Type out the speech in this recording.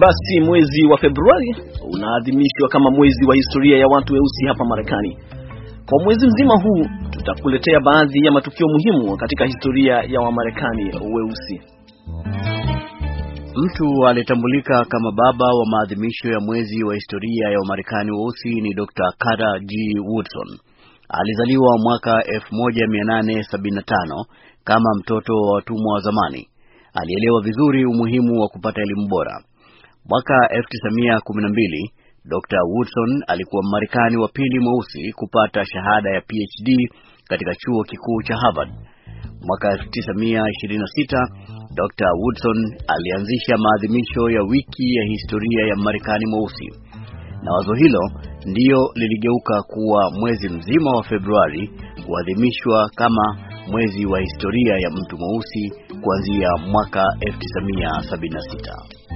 Basi mwezi wa Februari unaadhimishwa kama mwezi wa historia ya watu weusi hapa Marekani. Kwa mwezi mzima huu tutakuletea baadhi ya matukio muhimu katika historia ya Wamarekani weusi. Mtu aliyetambulika kama baba wa maadhimisho ya mwezi wa historia ya Wamarekani weusi ni Dr. Carter G. Woodson. Alizaliwa mwaka 1875 kama mtoto wa watumwa wa zamani. Alielewa vizuri umuhimu wa kupata elimu bora. Mwaka 1912 Dr. Woodson alikuwa Mmarekani wa pili mweusi kupata shahada ya PhD katika chuo kikuu cha Harvard. Mwaka 1926 Dr. Woodson alianzisha maadhimisho ya wiki ya historia ya Mmarekani mweusi, na wazo hilo ndiyo liligeuka kuwa mwezi mzima wa Februari kuadhimishwa kama mwezi wa historia ya mtu mweusi kuanzia mwaka 1976.